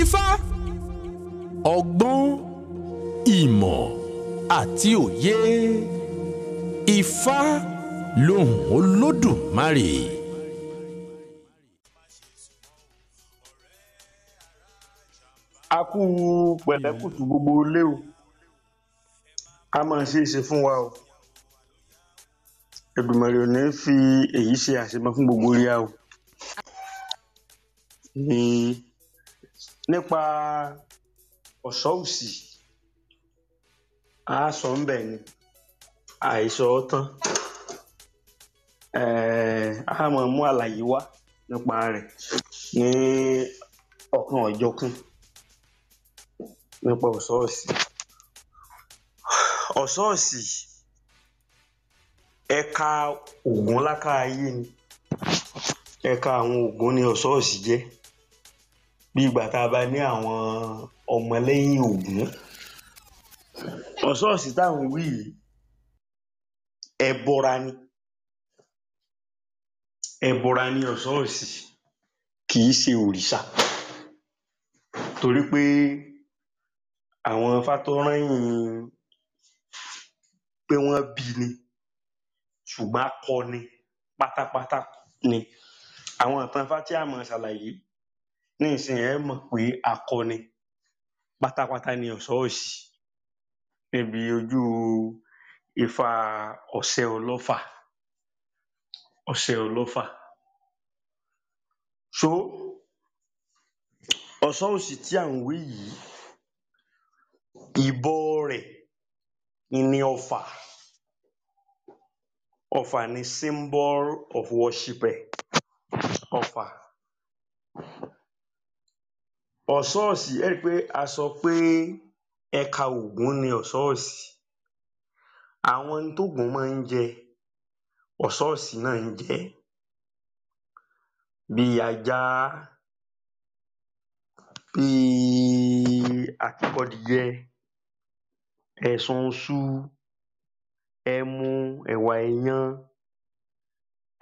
ifá ọgbọ́n ìmọ̀ àti òye ifá lohùn olódùmarè. a kú pẹ̀lẹ́kùtù gbogbo ilé o a máa ṣe é ṣe fún wa o Èdùmàrè ò ní fi èyí ṣe àṣemọ fún gbogbo ríà o. nípa ọ̀ṣọ́ òsì á sọ ń bẹ̀ ni àìsọ tán á máa mú àlàyé wá nípa rẹ̀ ní ọ̀kan ọ̀jọ̀kan nípa ọ̀ṣọ́ òsì ọ̀ṣọ́ òsì ẹ̀ka Ògún lákáayé ni ẹ̀ka àwọn Ògún ni ọ̀ṣọ́ òsì jẹ́ bí ìgbà tá a bá ní àwọn ọmọlẹ́yìn Ògún ọ̀ṣọ́ọ̀ṣì táwọn wí yìí ẹbọra ni ẹbọra ni ọ̀ṣọ́ọ̀ṣì kì í ṣe òrìṣà torí pé àwọn fátọ́rọ́yìn pé wọ́n bí ni ṣùgbọ́n akọni pátápátá ni àwọn ìtàn Ifá tí a máa ṣàlàyé ní ìsìn ẹ mọ̀ pé akọni pátápátá ni ọ̀ṣọ́ òsì níbi ojú ifá ọ̀sẹ̀ ọlọ́fà ọ̀sẹ̀ ọlọ́fà so ọ̀ṣọ́ òsì tí à ń wí yìí ìbọ rẹ̀ ni ọfà ọfà ni symbol of worship ẹ̀ ọ̀ṣọ́ọ̀sì ẹ́ rí pé a sọ pé ẹka ògún ni ọ̀ṣọ́ọ̀sì àwọn ohun tógún máa ń jẹ ọ̀ṣọ́ọ̀sì náà ń jẹ ẹ́ bí ajá bí akíkọdìyẹ ẹ̀sun iṣu ẹmu ẹ̀wà èèyàn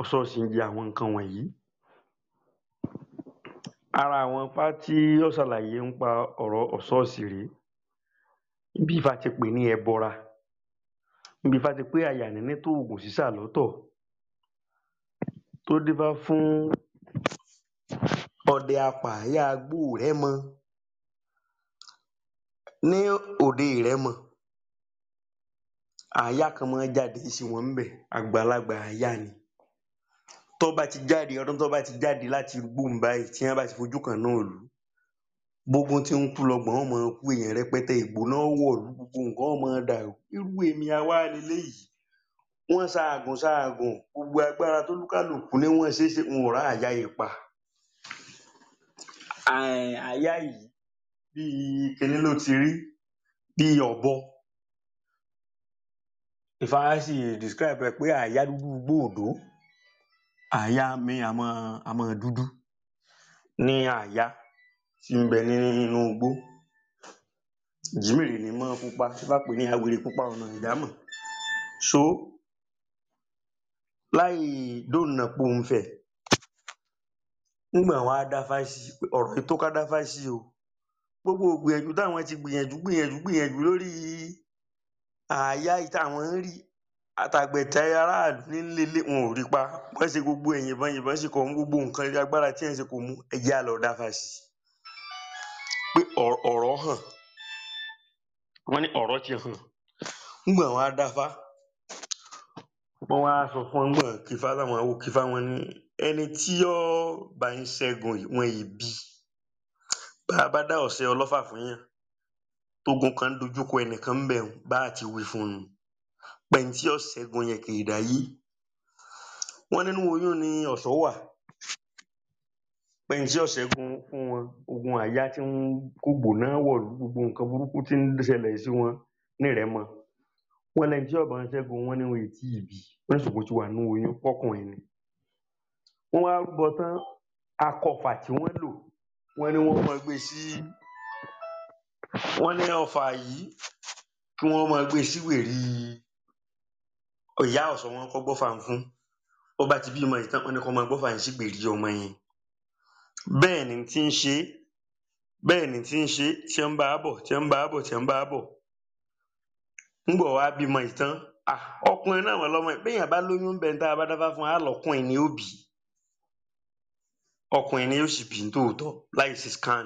ọ̀ṣọ́ọ̀sì ń jẹ àwọn nǹkan wọ̀nyí. Ara àwọn ipá tí ó ṣàlàyé nípa ọ̀rọ̀ ṣọ́ọ̀ṣì rèé bí ifá ti pè ní ẹbọra bí ifá ti pé àyà níní tòògùn sísà lọ́tọ̀ tó dífá fún ọdẹ apààyà agbóòrẹ́mọ ní òde ìrẹ́mọ rẹmọ kan mọ́ jáde sí wọn ńbẹ̀ àgbàlagbà àáyá ni. tó bá ti jáde ọdún tó bá ti jáde láti gbóhùn báyìí tí wọn bá ti fojú kan náà lù gbogbo tí ń kú lọgbọn ọmọ kú èèyàn rẹpẹtẹ ìgbò náà wọlú gbogbo nǹkan ọmọ dàrú irú èmi àwa lélẹyìí wọn ṣaagùn ṣaagùn gbogbo agbára tó lúkàlùkù ni wọn ṣe ṣe ń rà àyà ipa àyà yìí bíi kinní ló ti rí bíi ọ̀bọ ìfarasì describe ẹ pé àyà dúdú gbòòdó. Àyá mi á mọ́ á mọ́ dúdú ní àyá tí ń bẹ nínú igbó ìjímèrè ní mọ́ pupa tẹ́ bá pèé ní àwèrè pupa ọ̀nà ìdámọ̀ só láì dóònà pónfẹ̀ ńgbà wọ́n á dáfá sí ọ̀rọ̀ yí tó ká dáfá o gbogbo ìgbìyànjú táwọn ti gbìyànjú gbìyànjú gbìyànjú lórí àyá èyí táwọn ń rí àtàgbẹ̀tẹ̀ aráàlú nílé wọn ò rí pa wọ́n ṣe gbogbo ẹ̀ yìnbọn yìnbọn ṣe kọ̀ gbogbo nǹkan agbára tí ẹ̀ ń ṣe kò mú ẹ̀jẹ̀ àlọ́ dáfa sí i pé ọ̀rọ̀ hàn wọ́n ní ọ̀rọ̀ ti hàn ńgbọ̀n wọn á dáfa wọ́n wá sọ fún wọn gbọ̀n kífá láwọn àwọn kífá wọn ní ẹni tí ó bá ń ṣẹ́gun wọn yìí bí bá a bá dá ọ̀sẹ̀ ọlọ́fà fún yàn tógun kan dojúkọ ẹnìkan ń bẹ̀ bá a ti wí fún un pẹ̀ǹtí ọ̀ṣẹ́gun yẹ̀kẹ̀rẹ̀dà yìí wọ́n nínú oyún ni ọ̀ṣọ́ wà pẹ̀ǹtí ọ̀ṣẹ́gun fún wọn ogun àyà tí ń kó gbòná wọ̀lú gbogbo nǹkan burúkú tí ń ṣẹlẹ̀ sí wọn nírẹ̀mọ wọn lẹni tí ọba ṣẹ́gun wọn ní wọn ìbí wọn ṣùgbọ́n ti wà nínú oyún pọ́kùnrin ni wọ́n wá rúbọ tán akọfà tí wọ́n lò wọ́n ní wọ́n máa gbé sí wọ́n ní ọfà yìí kí wọ́n máa gbé sí wèrí ìyá ọ̀sán wọn kọ́ gbọ́fà ń fún ó bá ti bímọ ìtàn wọn ni kó máa gbọ́fà ń ṣègbèrí ọmọ yẹn bẹ́ẹ̀ ni tí ń ṣe bẹ́ẹ̀ ni tí ń ṣe tí ń bá a bọ̀ tí ń bá a bọ̀ tí ń bá a bọ̀ ńgbọ̀ wá bímọ ìtàn ọkùnrin náà wọn lọ́mọ ìpéyàn bá lóyún bẹ́ẹ̀ tá a bá dáfá fún alọ́kùnrin scan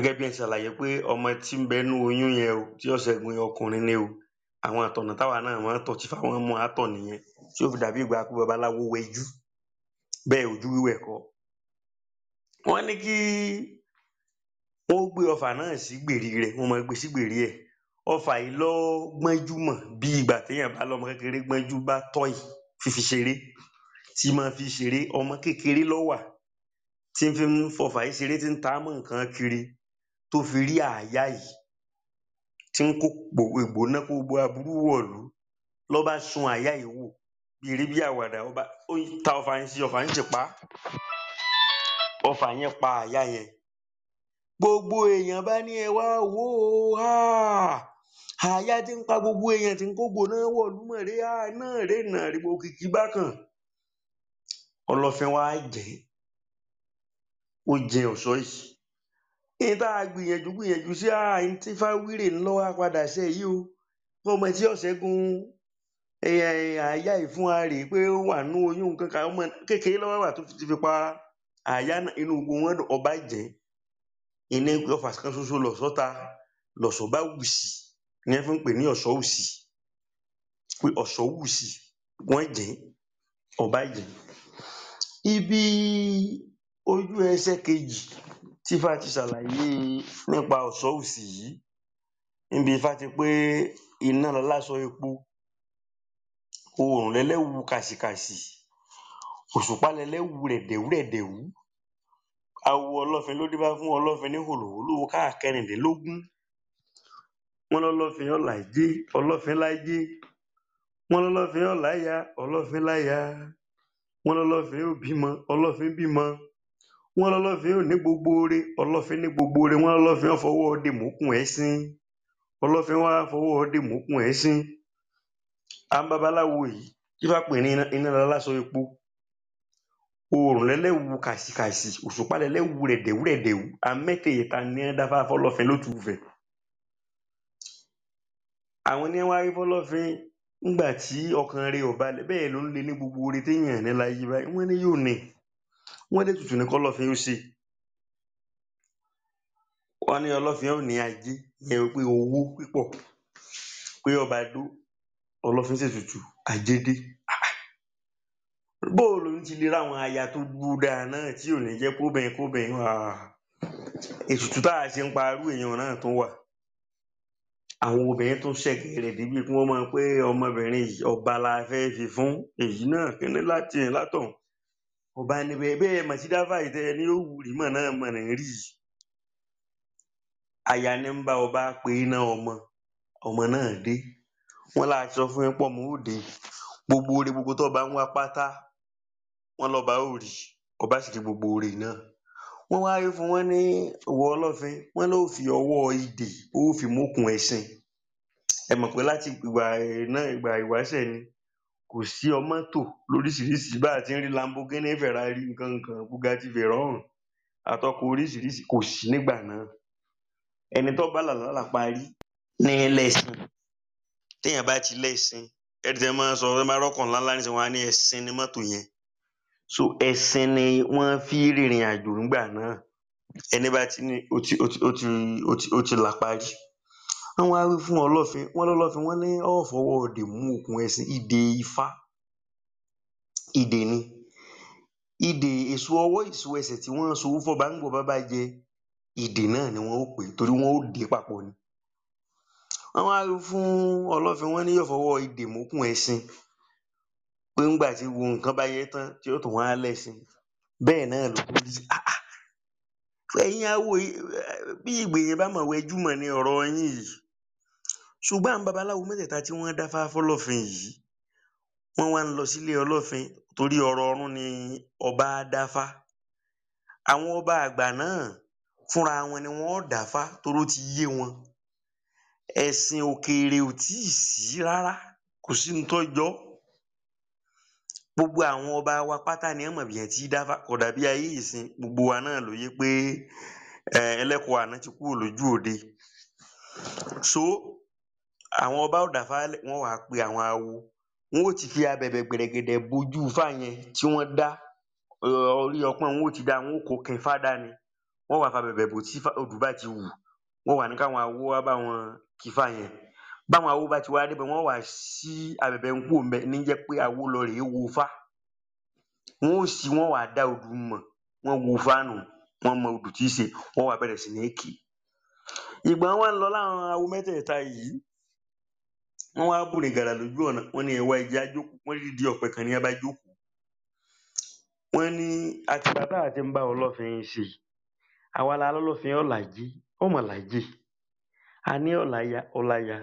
gẹ́gẹ́ o. àwọn ìtọ̀nà táwa náà máa ń tọ̀ tí fáwọn mú wa tọ̀ nìyẹn tí ó fi dàbí ìgbà pé babaláwo wẹjú bẹ́ẹ̀ ojú wíwẹ̀ kọ́ wọ́n ní kí wọ́n gbé ọfà náà sí gbèrí rẹ̀ wọ́n máa gbé sí gbèrí ẹ̀ ọfà yìí lọ gbọ́njú mọ̀ bí ìgbà téèyàn bá lọ́mọ kékeré gbọ́njú bá tọ́ì fífi ṣeré tí máa fi ṣeré ọmọ kékeré lọ́wà tí ń fi fọfà yìí ṣeré tí ń ta mọ́ nǹkan kiri tó fi rí àáyá yìí tí ń kó ìgbóná kó gbogbo aburú wọ̀lú ló bá sun àyà yìí wò bìrì bí àwàdà ó bá ta ọfà yẹn sí ọfà yẹn sì pa ọfà yẹn pa àyà yẹn gbogbo èèyàn bá ní ẹ wá wò ó àyà tí ń pa gbogbo èèyàn tí ń kó gbóná wọ̀lú mọ̀rẹ́ à náà rè náà rè gbogbo kìkì bákan ọlọ́fin wa jẹ́ ó jẹ ọ̀ṣọ́ yìí. n tá a gbìyànjú gbìyànjú sí n tí fáwírè ń lọ́wọ́ padà ṣe yìí o ọmọ tí ọ̀ṣẹ́gun àyà ìfúnra rèé pé ó wà nú oyún nǹkan kan ọmọ kékeré lọ́wọ́ wà tó ti fi pa àyà inú gbogbo wọn ọba jẹ́ ìní ọfà kan ṣoṣo lọ́sọ́ta lọ́sọ̀ bá wù sí ni wọ́n fi ń pè ní ọ̀ṣọ́ òsì pé ọ̀ṣọ́ wù sí wọ́n jẹ́ ọba jẹ́ ibi ojú ẹsẹ̀ kejì tí Ifá ti ṣàlàyé nípa Ọ̀ṣọ́òsì yìí níbi Ifá ti pé iná laláṣọ epo, oòrùn lẹlẹ́wù kàsìkàsì, òṣùpá lẹlẹ́wù rẹ̀dẹ̀wúrẹ̀dẹ̀wú, awo Ọlọ́fin ló dífá fún Ọlọ́fin ní hòlòhólò káà kẹrìnlélógún, wọ́n lọ́lọ́fin ọ̀làíjé Ọlọ́fin láíjé, wọ́n lọ́lọ́fin ọ̀láya Ọlọ́fin láya, wọ́n lọ́lọ́fin ó bímọ Ọlọ́fin bímọ wọn lọlọfin ní gbogbo oore ọlọfin ní gbogbo oore wọn lọlọfin ó fọwọ ọdẹ mọkùn ẹ sín ọlọfin wá fọwọ ọdẹ mọkùn ẹ sín à ń babaláwo yìí ifá ní iná lásọ epo oòrùn wu kàsìkàsì òṣùpá lẹlẹwu rẹdẹwu rẹdẹwu amẹtẹyẹta ní ẹ fọlọfin ló tùfẹ àwọn ní wọ́n létùtù ni kọ́lọ́fín ó ṣe wọ́n ní ọlọ́fín ó ní ajé ìyẹn pé owó pípọ̀ pé ọba dó ọlọ́fín ṣètùtù ajé dé bó o lòun ti lè ráwọn aya tó bú dáa náà tí ò ní jẹ́ kóbìnrin kóbìnrin ètùtù tá a ṣe ń parú èèyàn náà tó wà àwọn obìnrin tó ṣẹ̀gẹ̀ rẹ̀ débi kí wọ́n máa pé ọmọbìnrin ọba la fẹ́ fi fún èyí náà kíní láti ẹ̀ látọ̀hún ubani bebe machidava ite eh, ni owuri mana mana ri aya ni ń bá ọba pe iná ọmọ ọmọ náà de, wọn la sọ fun yín pọ mọ gbogbo ore gbogbo tó bá ń wá pátá wọn lọba ò rí ọba sì rí gbogbo ore náà wọn wá rí fún wọn ni ìwọ ọlọfin wọn ló fi ọwọ́ ide o fi mókun esin. ẹ mọ̀ pé láti ìgbà eh, náà ìgbà ìwáṣẹ̀ ni kò sí mọ́tò lóríṣiríṣi bá a ti ń rí Lamborghini Ferrari nkankan Bugatti Veyron atọ́kọ̀ oríṣiríṣi kò sí nígbà náà ẹni tó bá làlálà parí ní lẹ́sìn téèyàn bá ti lẹ́sìn ẹni tẹ́ máa sọ ẹ máa rọ́kàn ńláńlá ní sẹ́wọ̀n á ní ẹ̀sìn ní mọ́tò yẹn so ẹ̀sìn ni wọ́n fi rìnrìn àjò nígbà náà ẹni bá ti ní ó ti o ti o ti ó ti là parí. Wọ́n wá fún Ọlọ́fin, wọ́n lọ́lọ́fin, wọ́n ní ọ̀ fọwọ́ òde mú ìdè ifá. Ìdè ni. Ìdè èso ọwọ́ èso ẹsẹ̀ tí wọ́n so fọ́ba ńgbọ́ bá bá jẹ ìdè náà ni wọn ó pè torí wọn ó dè papọ̀ ni. Wọ́n wá fún Ọlọ́fin, wọ́n ní yóò ìdè ẹ̀sìn. pé ńgbà tí bá yẹ tán tí ó tún Bẹ́ẹ̀ ṣùgbọn àwọn babaláwo mẹtẹẹta tí wọn dáfá fọlọfín yìí wọn wá ń lọ sílé ọlọfín torí ọrọ ọrún ni ọba á dáfá àwọn ọba àgbà náà fúnra wọn ni wọn ó dáfá toró ti yé wọn ẹsìn òkèèrè ò tí ì sí rárá kò sí ní tọjọ gbogbo àwọn ọba wa pátá ni wọn mọ bí wọn ti dáfá kò dàbí ayé ìsìn gbogbo wa náà ló yé pé ẹlẹkọọ àná ti kúrò lójú òde so àwọn ọba ó dá Ifá lẹ̀ wọ́n wá pe àwọn awo wọn ó ti fi abẹ̀bẹ̀ gbẹ̀rẹ̀gẹ̀dẹ̀ bojú Ifá yẹn tí wọ́n dá orí ọpọ́n wọn ó ti dá wọn ó kó kin Ifá dání wọ́n wá fabẹ̀bẹ̀ bò tí odù bá ti wù wọ́n wá ní káwọn awo wá bá wọn kí Ifá yẹn báwọn awo bá ti wá débẹ̀ wọ́n wá sí abẹ̀bẹ̀ ń kú òǹbẹ pé awo lọ rèé wo Ifá wọn ó sì wọn wá dá odù mọ̀ wọn wo Ifá wọn mọ odù tí í ṣe wọn wá bẹ̀rẹ̀ sí ní kì ìgbà wọn lọ láwọn awo mẹ́tẹ̀ẹ̀ta yìí wọn wá bùrìn gàrà lójú ọ̀nà wọn ní ẹwà ẹja jókòó wọn rí di ọ̀pẹ kan ní abá jókòó wọn ní àti bàbá àti ń bá ọlọ́fin ṣe àwa la lọ́lọ́fin ọ̀làjì ọmọlàjì a ní ọ̀làyà ọ̀làyà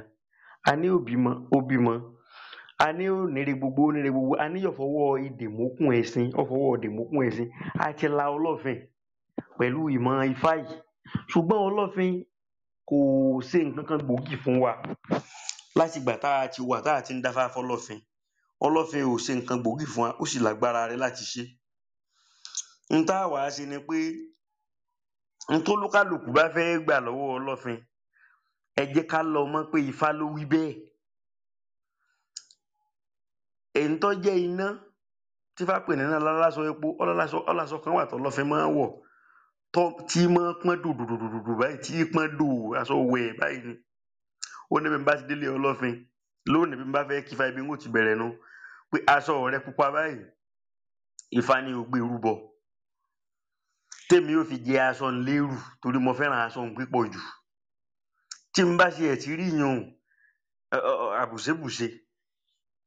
a ní òbímọ òbímọ a ní onírè gbogbo onírè gbogbo a ní ọ̀fọwọ́ ìdèmókùn ẹ̀sìn ọ̀fọwọ́ ìdèmókùn ẹ̀sìn a ti la ọlọ́fin pẹ̀lú ìmọ̀ ifá yìí ṣùgbọ́n ọlọ́fin kò ṣe nǹkan kan gbòógì fún wa látìgbà tá a ti wà tá a ti ń dáfárá fọlọ́fin ọlọ́fin ò ṣe nǹkan gbòógì fún wa ó sì lágbára rẹ̀ láti ṣe n tá a wàá ṣe ni pé n tó lókàlùkù bá fẹ́ gbà lọ́wọ́ ọlọ́fin ẹ jẹ́ ká lọ mọ̀ pé ifá ló wí bẹ́ẹ̀ èyí tó jẹ́ iná tí fá pè nínú aláṣọ epo ọlọ́láṣọ kan wà tó lọ́fin máa ń wọ̀ tó tí máa pọ́n dòdòdòdòdò báyìí tí pọ́n dò aṣọ wẹ̀ báyìí ni ó ní bí n bá ti délé ọlọ́fin lónìí bí n bá fẹ́ kífa ibi n ó ti bẹ̀rẹ̀ nu pé aṣọ rẹ pupa báyìí Ifá ni ò gbé rúbọ tèmi yóò fi jẹ aṣọ ńlẹ́rù torí mo fẹ́ràn aṣọ ń pípọ̀ jù tí n bá ṣe ẹ̀ tí rí yan àbùṣebùṣe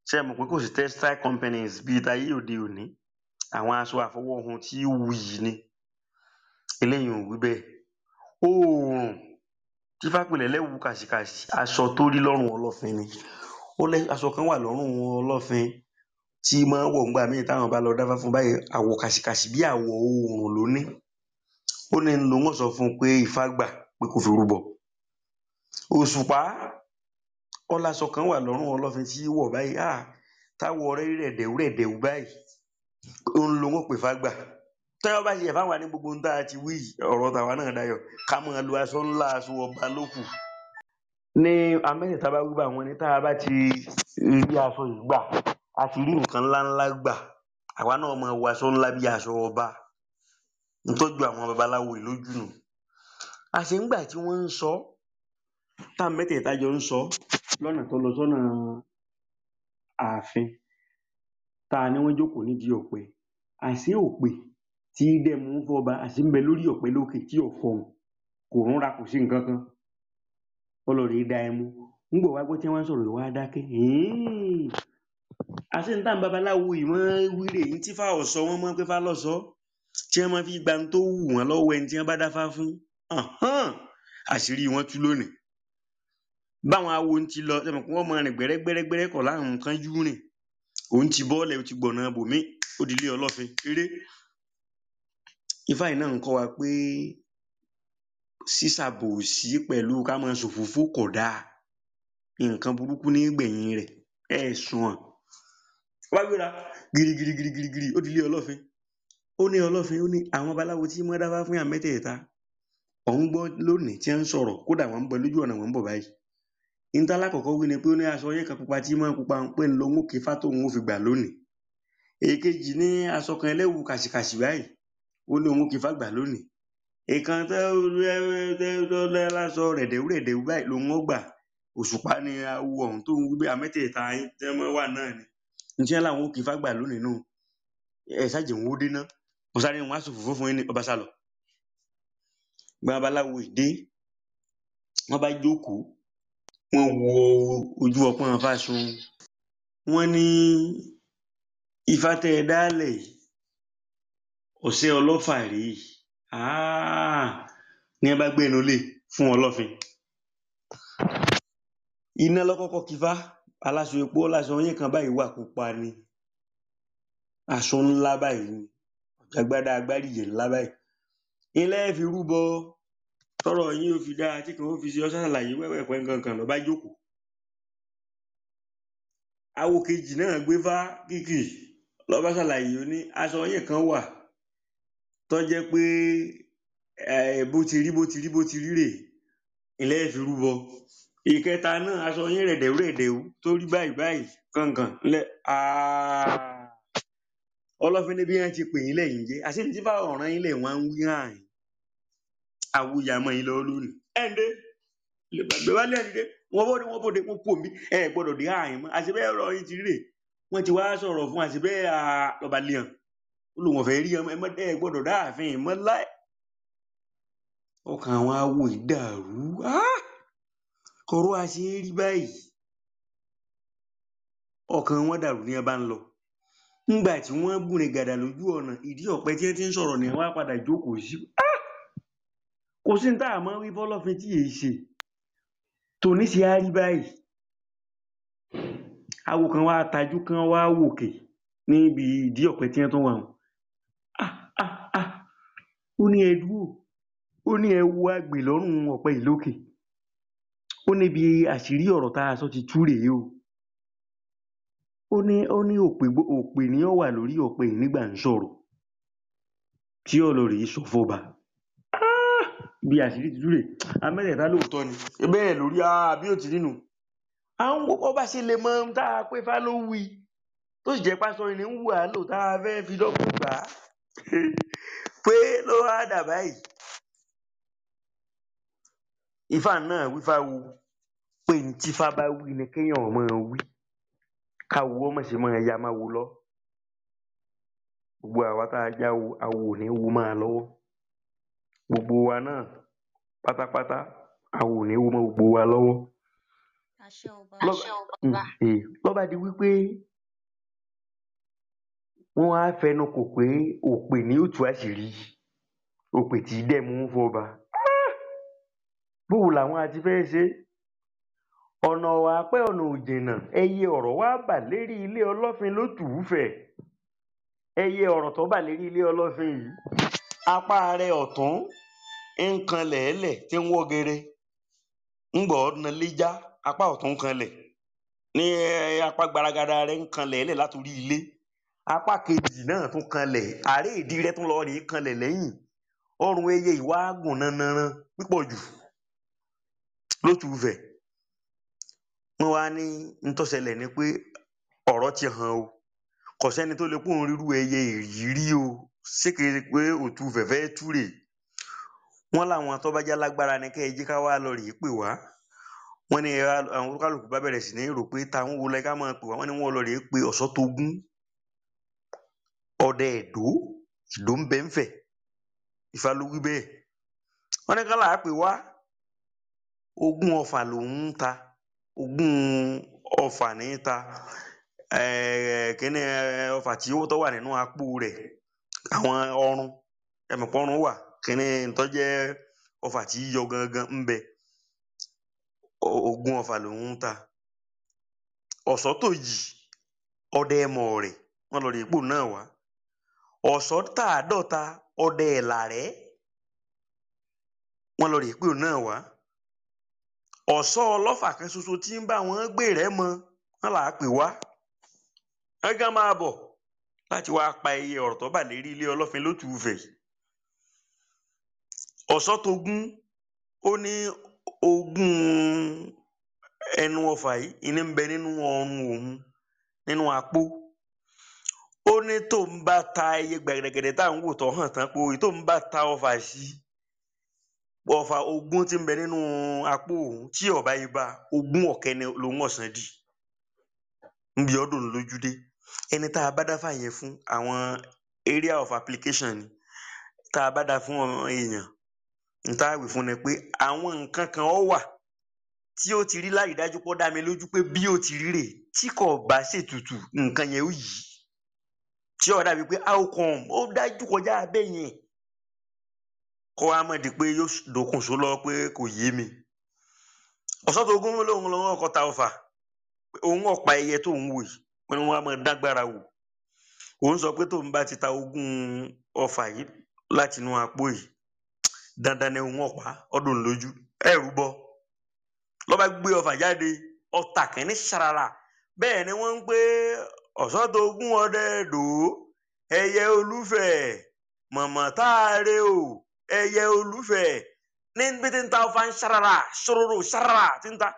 ṣe mọ̀ pé kò sí textile companies bíi tayé òde òní àwọn aṣọ àfọwọ́hun tí wuyì ni eléyìí ò wí bẹ́ẹ̀ oòrùn tífápilẹ̀ lẹ́wù kàṣìkàṣì aṣọ tó rí lọ́rùn ọlọ́fin ni ó lẹ́ aṣọ kan wà lọ́rùn ọlọ́fin tí máa ń wọ̀ ńgbà míì táwọn bá lọ dáfá fún báyìí àwọ̀ kàṣìkàṣì bí àwọ̀ oòrùn ló ní ó ní ló ń sọ fún un pé ifá gbà pé kò fi rúbọ òṣùpá ọlásọ kan wà lọ́rùn ọlọ́fin tí wọ̀ báyìí táwọ̀ rẹ̀ rẹ̀dẹ̀wú rẹ̀dẹ̀wú báyìí ó ń lo wọn pè fágbà tọ́yọ́ bá ṣe fáwọn ní gbogbo nta ti wí ọ̀rọ̀ tàwa náà dayọ̀ ká máa lo aṣọ ńlá aṣọ ọba lókù. ní amẹ́rin tá a bá wí bá wọn ni tá a bá ti rí aṣọ yìí a ti rí nǹkan ńláńlá gbà àwa náà máa wọ aṣọ ńlá bíi aṣọ ọba nítọ́jú àwọn babaláwo lójú nù. àṣeǹgbà tí wọ́n ń sọ tá mẹ́tẹ̀ẹ̀ta jọ ń sọ lọ́nà tó lọ sọ́nà ààfin tá a ní wọ́n jókòó nídìí ọ̀pẹ àṣé òpè tí dẹ̀mú ń fọba àṣì ń bẹ lórí ọ̀pẹ lókè tí ò fọhùn kò rúnra kò sí nǹkan kan ọlọ́rìí da ẹmu ńgbọ̀ wá gbọ́ tí wọ́n ń sọ̀rọ̀ ìwà dákẹ́ àṣì ń tàn babaláwo ìmọ̀ wílé yìí tí fáwọ̀ sọ wọ́n mọ́ pé fá lọ sọ tí wọ́n máa fi gba tó wù wọ́n lọ́wọ́ ẹni tí wọ́n bá dáfá fún àṣírí wọn tú lónìí báwọn awo ń ti lọ sẹ́mi kí wọ́n máa rìn gbẹ́rẹ́gbẹ́rẹ́gbẹ́rẹ́ kọ̀ láàrùn kan yúrìn òun ti bọ́ọ̀lẹ̀ ti gbọ̀nà bòmí ó ọlọ́fin eré Ifá yìí náà ń kọ́ wa pé sísàbòsí pẹ̀lú ká máa ṣòfófó kò dáa nǹkan burúkú ní í gbẹ̀yìn rẹ̀ ẹ ẹ̀ sùnwọ̀n. Ó bá gbéra girigirigirigiri ó dilé Ọlọ́fin ó ní Ọlọ́fin ó ní àwọn babaláwo tí máa ń dáfá fún èèyàn mẹ́tẹ̀ẹ̀ta òun gbọ́ lónìí tí wọ́n ń sọ̀rọ̀ kódà wọ́n ń bẹ lójú ọ̀nà wọ́n ń bọ̀ báyìí. N tálákọ̀ọ́kọ́ wí ni pé ó ní aṣọ yín kan pupa tí máa ń pupa un pé òun lòun ó ké ifá tóun ó fi gbà lónìí. Èkejì ní aṣọ kan ẹlẹ́wù kàṣìkàṣì báyìí ó ní òun kì í fàgbà lónìí nǹkan tó láṣọ rẹ̀dẹ̀wúrẹ̀dẹ̀wú báyìí lòun ó gbà òṣùpá ni awo ọ̀hún tóun wí pé àmẹ́tẹ̀ẹ̀ta yín tẹ́ mọ́ wà náà ni níṣẹ́ làwọn ó kì í fàgbà lónìí nù ẹ ṣáàjì òun ó dé mo sáré wọn á sùn fúnfún fún yín ní ọba sá lọ gbọ́n babaláwo bá jókòó wọ́n wo ojú ọpọ́n fásun wọ́n ní ifá tẹ́ ẹ dálẹ̀ yìí ọ̀sẹ̀ ọlọ́fà rèé um ní ẹ bá gbẹ́nu lé fún ọlọ́fin iná ló kọ́kọ́ ki fá aláṣọ epo ó láṣọ yín kan báyìí wà pupa ni aṣọ ńlá báyìí ni àgbádá agbáríyè ńlá báyìí ń lẹ́ fi rúbọ tọ́rọ̀ yín ó fi dáa tí kan ó fi ṣe ọ́ ṣàlàyé wẹ́wẹ́ pẹ́ nǹkan kan ló bá jókòó awo kejì náà gbé fá kìkì ló bá ṣàlàyé ó ní aṣọ yín kan wà tó jẹ́ pé eh, bó ti rí bó ti rí bó ti rí rèé fi rúbọ. Ìkẹta náà aṣọ yín rẹ̀dẹ̀wúrẹ̀dẹ̀ ó tó rí báyìí báyìí kànkàn lẹ ah, bí wọ́n ti pè yín lẹ́yìn jẹ́ ọ̀ràn yín lẹ̀ wọ́n ń wí hàn awuyamọ yín lọ́wọ́ lónìí. Ẹ ǹdẹ́ gbé wálé ẹ̀ wọ́n bóde wọ́n mí ti rí wọ́n ti wá olóhùn ọ̀fẹ́ rí ọmọ ẹ mọ́ ẹ gbọ́dọ̀ dáàfin ọkàn àwọn awo ìdàrú kọ̀rọ̀ àṣẹ rí báyìí ọkàn wọn dàrú ni ẹ bá lọ tí wọ́n bùnrin gàdà lójú ọ̀nà ìdí ọ̀pẹ tí ẹ ti ń sọ̀rọ̀ ni á padà jókòó sí kò sí ní kan wá tajú kan wá wòkè níbi ìdí tí ẹ ó ní ẹ ó ní ẹ wo agbè lọ́rùn ọ̀pẹ ó níbi àṣírí ọ̀rọ̀ tá a sọ ti tú rèé o ó ní ó ní òpè òpè ní ọ wà lórí ọ̀pẹ nígbà ń sọ̀rọ̀ tí ọlọrẹ yìí sọ fọba ah! bí àṣírí ni ebe lórí àbí ah, òtí nínú àwọn kókó bá ṣe lè mọ ohun tá a pé fá tó sì jẹ́ pásọ ni ń wù á lò a fi pé ló wá dà báyìí ifá náà wífá wo pé ní tífá bá wí ni kéèyàn ọmọ wí káwo ọmọ ṣe máa ya máa wo lọ gbogbo àwa tá a já wo àwo ò ní wo máa lọ́wọ́ gbogbo wa náà pátápátá àwo ò ní wo máa gbogbo wa lọ́wọ́ lọ́ba mm, eh, di wípé. wọ́n wá fẹnu kò pé òpè ni ó tú àṣírí òpè tí í dẹ̀mú fọba ah! bóò làwọn àti fẹ́ ṣe ọ̀nà ọ̀wà pẹ́ ọ̀nà òjìnà ẹyẹ ọ̀rọ̀ wá bà lérí ilé ọlọ́fin ló tù ú fẹ̀ ẹyẹ ọ̀rọ̀ tó bà lérí ilé ọlọ́fin yìí apá rẹ̀ ọ̀tún ń lẹ̀ẹ́lẹ̀ tí ń wọ́gẹrẹ ń gbọ́ ọ̀nà léjá apá ọ̀tún kan lẹ̀ ní eh, apá gbaragada rẹ̀ ń kan lẹ̀ẹ́lẹ̀ látòrí ilé apá kejì náà tún kanlẹ̀ àárẹ̀ ìdí rẹ̀ tún lọ rèé kanlẹ̀ lẹ́yìn ọrùn eye ìwà gùn nanaran pípọ̀ jù lótú uvẹ̀ wọn wá ní ntọ́sẹ̀lẹ̀ ni pé ọ̀rọ̀ ti hàn o kò sẹ́ni tó lè kóhun rírú ẹyẹ rí o sékèrè pé òtú fẹ̀fẹ́ túrè wọ́n tó bá já lágbára ni kẹ́ ẹ jí àwọn bá bẹ̀rẹ̀ sí ní pé táwọn wo lẹ ká máa pè wá ní lọ ọ̀sọ́ ọdẹẹdó ìdó ń bẹ ńfẹ ìfà ló wí bẹ́ẹ̀ wọn ní kálá àpè wá ogún ọfà lòún ń ta ogún ọfà ní ta eh, kíní eh, ọfà tí ó tọ́ wà nínú apò rẹ̀ àwọn ọrùn wà kíní ntọjẹ ọfà tí yíyọ gangan ń bẹ ogún ta ọdẹ wọn lọ rí ipò ọ̀sán ọdọ ọdẹ rẹ, wọ́n lọ rèé pé òun náà wá ọ̀sọ́ ọlọ́fà kan ṣoṣo tí ń bá wọn gbé mọ wọn là á pè wá ẹgán máa bọ̀ láti wáá pa iye ọ̀rọ̀ tó bà lérí ilé ọlọ́fin lótùúfẹ̀ ọ̀sọ́ tógún ó ní ogún ẹnu ọfà yìí ní ń bẹ nínú ọrùn òun nínú apó. ó ní tóun bá ta iye gbẹ̀gẹ̀dẹ̀gẹ̀dẹ̀ tá à ń wò tó hàn tán pé òye tóun bá ta ọfà sí ọfà ogún tí ń bẹ nínú apò òun tí ọba yìí bá ogún ọ̀kẹ́ ni lòun ọ̀sán di níbi ọdún lójú ẹni tá a bá dáfà yẹn fún àwọn area of application ni tá a bá dá fún èèyàn n tá a wí fún ni pé àwọn nǹkan kan ọ wà tí ó ti rí láyìí dájú pọ́ dá mi lójú pé bí ó ti rí rè tí kò bá ṣètùtù nǹkan yẹn ó yìí tí ọ̀rá wípé how ó dájú kọjá abẹ́ yẹn kó a mọ̀ di pé yóò dókun só lọ pé kò yé mi ogun lòun lọ́wọ́ ọkọ̀ ta ọ̀fà òun ọ̀pá ẹyẹ tó ń wò yìí wọn ni dágbára wò sọ pé bá ti ta ọ̀fà yìí láti inú apó yìí dandan ni òun ọ̀pá ọdún lójú bọ́ lọ́ba gbé ọ̀fà jáde ọ̀ṣọ́tògùn ọdẹ ẹdọ ẹyẹ olùfẹ́ mọ̀mọ́ tá o ẹyẹ olùfẹ́ níbi tí ń ta ọfà ń ṣàràrà ṣòròrò ṣàràrà tí ń ta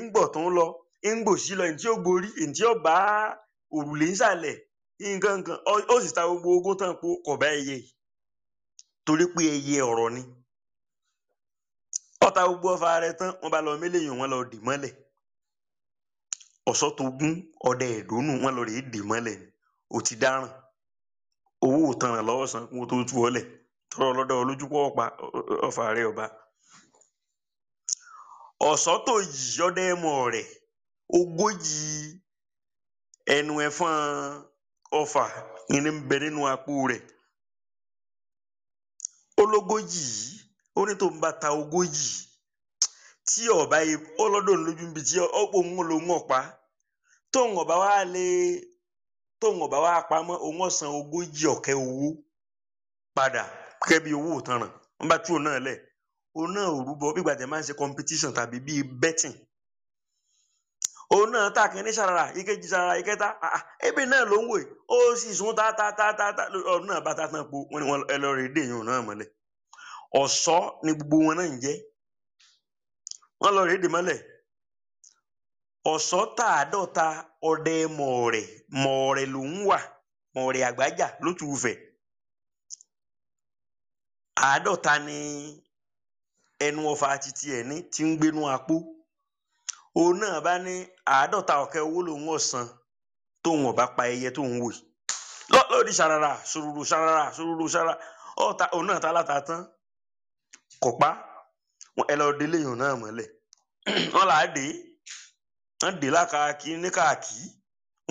ń gbọ̀ tó ń lọ ń gbòsí lọ ntí ó gborí ntí ó bá òrùlé nsàlẹ̀ nǹkan kan ó sì tán kó bá ẹyẹ torí pé ẹyẹ ọ̀rọ̀ ni gbogbo ọfà ọ̀ṣọ́tógún ọdẹ ìdónú wọn lọ rèé dè mọ́lẹ̀ ni ó ti dáràn owó òtanràn lọ́wọ́ san kó tó tú ọlẹ̀ tọrọ lọ́dọ̀ olójúpọ̀ ọpa ọ̀fà rẹ̀ ọba. ọdẹ ẹmọ rẹ̀ ogójì ẹnu ní ń bẹ nínú ológójì yìí yìí tí ọba ọlọ́dọ̀ lójú níbi tí ọ̀pọ̀ òun ló ń ọ̀pá tóun ọba wa lè tóun ọba wa ogójì ọ̀kẹ́ owó padà gẹ́gẹ́ bí owó òtanràn wọ́n bá tú òun náà lẹ̀ òun náà ò rúbọ bí gbàdé máa ń ṣe competition tàbí bíi betting òun náà ní ìkejì ìkẹta náà ló ń ó sì sún ta ta ta náà bá ta tán po wọn ni e ni gbogbo wọn náà ń wọ́n lọ rèé dìmọ́lẹ̀ ọ̀sọ́ tàádọ́ta ọdẹ mọ̀ọ̀rẹ̀ mọ̀ọ̀rẹ̀ ló ń wà mọ̀ọ̀rẹ̀ àgbájà ni ẹnu ọfà títí ẹ̀ ní tí ń gbénu apó òun náà bá ní àádọ́ta ọkẹ owó tóun pa ẹyẹ tóun wò lọ́ọ̀dì ọ̀ta òun náà ta ẹ lọ délé yòó náà mọ́lẹ̀ wọ́n là á dé wọ́n dé lákàkí níkàkí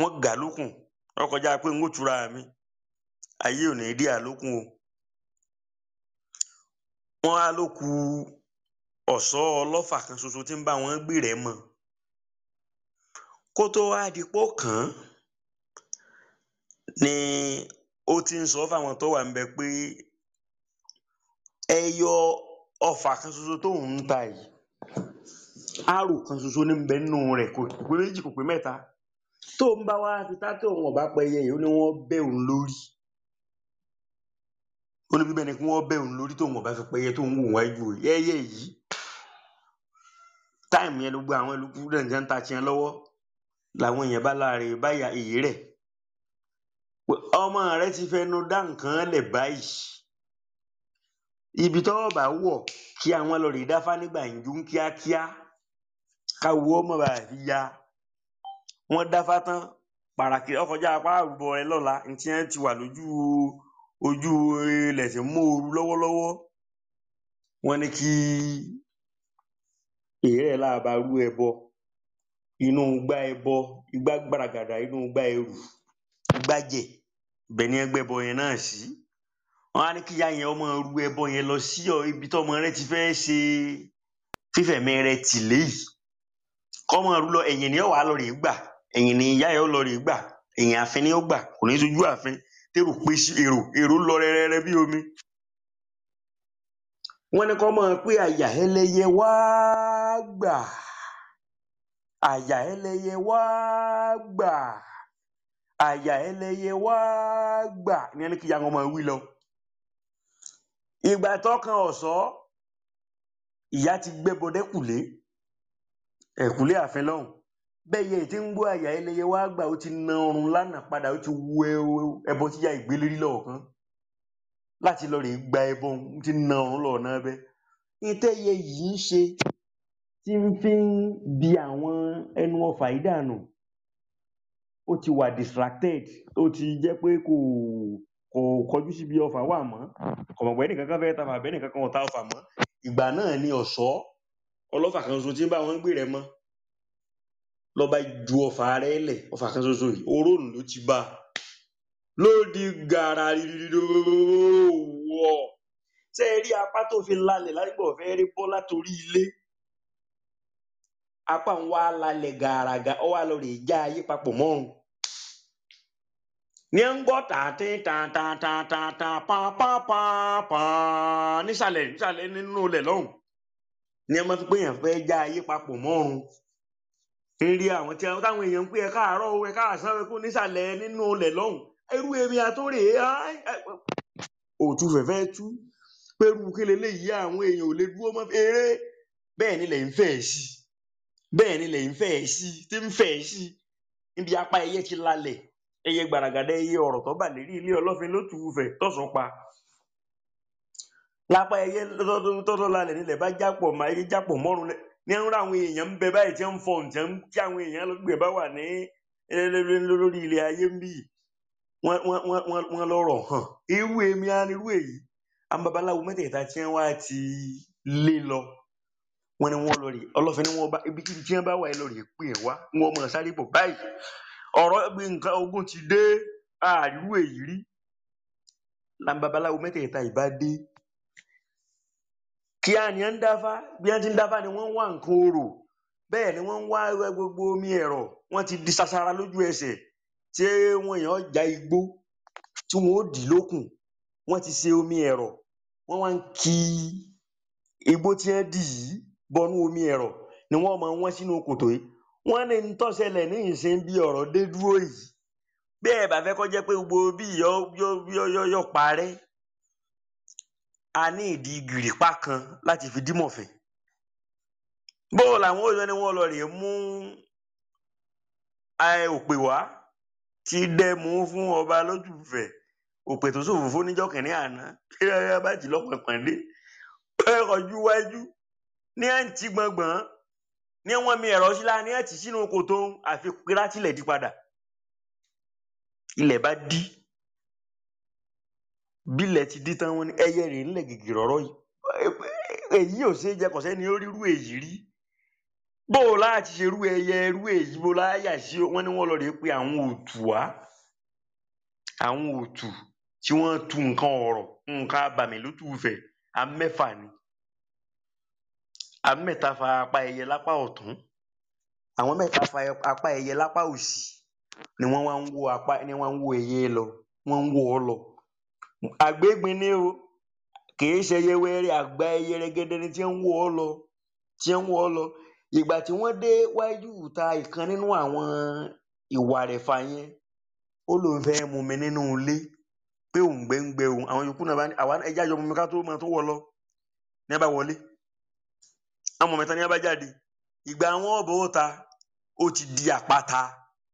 wọ́n gà lókun wọ́n kọjá pé mi ayé ò ní dí àlókun o wọ́n á ló wọn gbé rẹ̀ mọ́ kó tó kàn án ni ó ti ń sọ fáwọn tó wà ń pé ọfà kan ṣoṣo tóun ń ta yìí arò kan ṣoṣo ní bẹ nínú rẹ̀ kò pé méjì kò pé mẹ́ta tó ń bá wá fi tá tó òun ọba pẹyẹ yìí ó ní wọ́n bẹ́ òun lórí ó ní bíbẹ ni kí wọ́n bẹ́ òun lórí tóun ọba fi pẹyẹ tóun wò wọn ju ẹyẹ yìí táìmù yẹn gbogbo àwọn ẹlòkú nàìjíríà ń ta tiẹ̀ lọ́wọ́ làwọn èèyàn bá láre báyà èyí rẹ̀ ọmọ rẹ̀ ti fẹnu dá nǹkan lẹ̀ báyìí ibi tọ́wọ́ bá wọ̀ kí àwọn lọ rè dáfá ní gbàǹjo ń kíákíá káwo ọmọ bá fi ya wọ́n dáfá tán pàràkì ọkọjá apá àrùbọ ẹ lọ́la ntí ẹ ti wà lójú ojú ilẹ̀ tí ń mú ooru lọ́wọ́lọ́wọ́ wọ́n ní kí èèrè láàbá rú ẹbọ inú gbá ẹbọ igbá gbaragada inú gbá ẹrù gbájẹ ibẹ̀ ẹgbẹbọ yẹn náà sí. Si wọn á ní kíyà yẹn ọmọ ru ẹbọ yẹn lọ sí ibi tọmọ rẹ ti fẹ́ ṣe fífẹ̀mí rẹ tì léyìí kọmọ ru lọ ẹ̀yìn ni ọwà lọ rè gbà ẹ̀yìn ni ìyá yẹn lọ rè gbà ẹ̀yìn àfin ni ó gbà kò ní sojú àfin tèrò pé èrò èrò lọ rẹrẹrẹ bí omi wọn ní kọmọ pé àyà ẹlẹ́yẹ wá gbà àyà ẹlẹ́yẹ wá gbà àyà ẹlẹ́yẹ wá gbà ní ẹni kíyà wọn máa wí lọ. ìgbà tọkàn ọ̀sọ́ ìyá ti gbé bọdẹkùlé ẹkùlé àfin lọ́hùn bẹyẹ tí ń gbọ àyà ẹlẹyẹ wá gbà ó ti na ọrùn lánàá padà ó ti wú ẹbọ tíya ìgbélérí lọọkan láti lọ rè gba ẹbọ ó ti na ọrùn lọọnà bẹ ìtẹyẹ yìí ń ṣe tí ń fi ń bi àwọn ẹnu ọfà yìí o ó ti wà distracted ó ti jẹ́ pé kò kò kọjú síbi ọfà wà mọ́ kọ̀mọ̀gbẹ́ nìkan kan fẹ́ ta fà bẹ́ẹ̀ nìkan kan ọ̀ta ọfà mọ́ ìgbà náà ni ọ̀ṣọ́ ọlọ́fà kan ṣoṣo tí ń bá wọn gbé rẹ mọ́ lọ́ba ju ọfà rẹ lẹ̀ ọfà kan ṣoṣo yìí oróòrùn ló ti bá a lódi gàrà rírìírò ń gbọ́ tààtí tààtàtàtà pàápàápàápà nísàlẹ̀ nísàlẹ̀ nínú ilẹ̀ lọ́hùn ní ẹ máa fi pé èèyàn fẹ́ já ayé papọ̀ mọ́run eré àwọn tí táwọn èèyàn ń pè ẹ káàárọ̀ ẹ káàsán ẹ kú nísàlẹ̀ nínú ilẹ̀ lọ́hùn irú èmi àtúrè òtún fẹ̀fẹ́ tú pẹ̀lú kí leléyìí àwọn èèyàn ò lè dúró mọ́ eré bẹ́ẹ̀ ni lè ń fẹ́ ẹ̀ sí bẹ́ẹ̀ ni lè ń fẹ́ ẹ̀ sí tí ń fẹ́ ẹ̀ sí níbi apá ẹyẹ ti lalẹ̀ ẹyẹ gbaragada ẹyẹ ọ̀rọ̀ tó bà lérí ilé ọlọ́fin ló tù ú fẹ̀ tọ̀sán pa lápá ẹyẹ tọ́tọ́ lálẹ́ nílẹ̀ bá jápọ̀ máa ẹyẹ jápọ̀ mọ́rùn ní ẹnu àwọn èèyàn ń bẹ báyìí tí ń fọ̀n tí ń kí àwọn èèyàn gbé bá wà ní lórí ilẹ̀ ayé ń bì wọ́n lọ́rọ̀ hàn irú èmi anirú èyí àwọn babaláwo tí wọ́n wá ti lé lọ wọ́n ní wọ́n lọ rè ọlọ́fin ni wọ́n bá ibi tí wọ́n bá wà lọ rè pé ẹ wá wọ́n mọ̀ sáré bọ̀ báyìí ọ̀rọ̀ nǹkan ogun ti dé àrírú èyí rí làwọn babaláwo mẹ́tẹ̀ẹ̀ta ìbá dé kí àníyàn ń dáfá bí wọ́n ti ń dáfá ni wọ́n ń wá nǹkan orò bẹ́ẹ̀ ni wọ́n ń wá gbogbo omi ẹ̀rọ wọ́n ti di sasara lójú ẹsẹ̀ tí wọ́n yàn já igbó tí wọ́n ó dì lókun wọ́n ti ṣe omi ẹ̀rọ wọ́n wá ń ki igbó tí wọ́n dì yìí bọnú omi ẹ̀rọ ni wọ́n máa wọ́n sínú kòtò yìí wọn ní ń tọ́ṣẹlẹ̀ ní ìsìn bí ọ̀rọ̀ dé dúró yìí bí ẹ bá fẹ́ kó jẹ́ pé gbogbo bí yọ parẹ́ a ní ìdí gìrìpá kan láti fi dímọ̀fẹ́ bóò làwọn òyìnbó ni wọ́n lọ rè mú òpè wá ti dẹ́mu fún ọba lójúfẹ̀ òpè tó ṣòfò fún níjọ́ kìnínní àná bí ẹ bá jì lọ́pọ̀ ìpàdé pẹ́ ọjọ́ iwájú ní à ń tí gbọ̀ngbọ̀n ní wọ́n mi ẹ̀rọ sílá ní ẹ̀tì sínú kòtò àfi pírá tilẹ̀ di padà ilẹ̀ bá dí bílẹ̀ ti dí tán wọn ni ẹyẹ rè ńlẹ̀ gègé rọ̀rọ̀ yìí èyí ò ṣe é jẹ kọ̀sẹ́ ni ó rí irú èyí rí bó o láti ṣe irú ẹyẹ irú èyí bó láyà sí wọn ni wọn lọ rè pé àwọn òtù wá àwọn òtù tí wọ́n tu nǹkan ọ̀rọ̀ nǹkan abàmì ló tù ni àwọn mẹ́ta fa apá ẹyẹ lápá ọ̀tún àwọn mẹ́ta fa apá ẹyẹ lápá òsì ni wọ́n wá ń wo apá ni wọ́n ń wo ẹyẹ lọ wọ́n ń wo ọ lọ àgbégbin ni o kìí ṣe ẹyẹ wẹrẹ àgbà ẹyẹ rẹgẹdẹ ni tí ń wo ọ lọ tí ń wo ọ lọ ìgbà tí wọ́n dé wájú ìta ìkan nínú àwọn ìwà rẹ̀fà yẹn ó lóun fẹ́ mu mi nínú ilé pé òun gbé ń gbé òun àwọn yòókù náà bá ní àwa ẹjẹ àjọmọ mi ká tó mọ tó wọ lọ ní ẹ bá wọlé àwọn ọmọ mẹ́ta ní abájáde ìgbà àwọn ọ̀bọ̀ òta ó ti di àpáta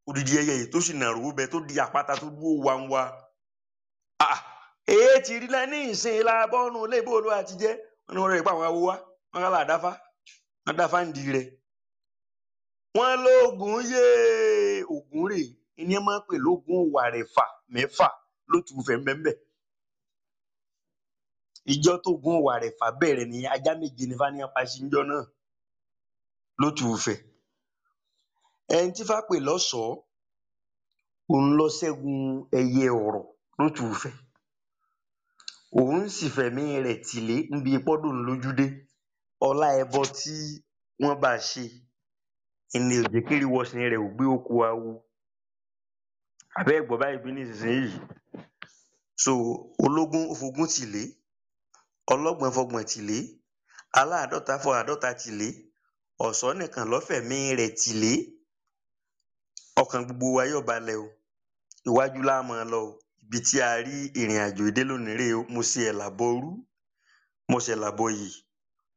odidi ẹyẹ tó sì nàró bẹ tó di àpáta tó dúró wáńwá ah, èyí ti rí la ní ìsìn la bọ́ọ̀nù lébo olú àtijẹ́ wọn ni wọn rẹ̀ ipa àwọn awo wa wọn kàlà àdáfá wọn dáfá ń di rẹ wọn lóògùn yéé ògùn rè ẹni ẹ máa ń pè lóògùn òwà rẹ̀ fà mẹ́fà lótùú fẹ́ mbẹ́mbẹ́ Ijọ́ tógun wàrẹ̀fà bẹ̀rẹ̀ nìyẹn, ajá méje ni Ifá ní wọ́n pa ṣí níjọ́ náà lóòtù Ifẹ̀. Ẹni tífá pè lọ́ṣọ̀ọ́ òun ló ṣẹ́gun ẹyẹ ọ̀rọ̀ lóòtù Ifẹ̀. Òun sì fẹ̀mí rẹ̀ tìlé níbi pọ́dùn lójú Ọlá ẹbọ tí wọ́n bá ṣe in ni ò jẹ́ kérìwọ̀sìn ò gbé oko awo. Àbẹ́ẹ̀ gbọ́ báyìí bí nísinsìnyí? So, ológún ó fogún tìlé ọlọgbọn fọgbọn tí ilé aláàádọta fọráàádọta tí ọsánìkan ló fẹmìí rẹ tí ọkàn gbogbo wa yóò balẹ o iwájú lá máa lọ o ibi tí a rí ìrìnàjò dé lónìí rèé o mo ṣe ẹ lábo òru mo ṣe lábo yìí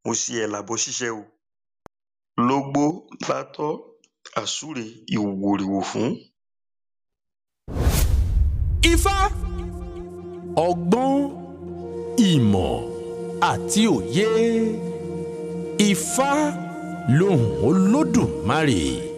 mo ṣe ẹ ṣiṣẹ o lógbó bá tọ àsúrè ìwòrìwò fún. ifá ọgbọ́n ìmọ̀ àti òye Ifá lóhùn Olódùmarè.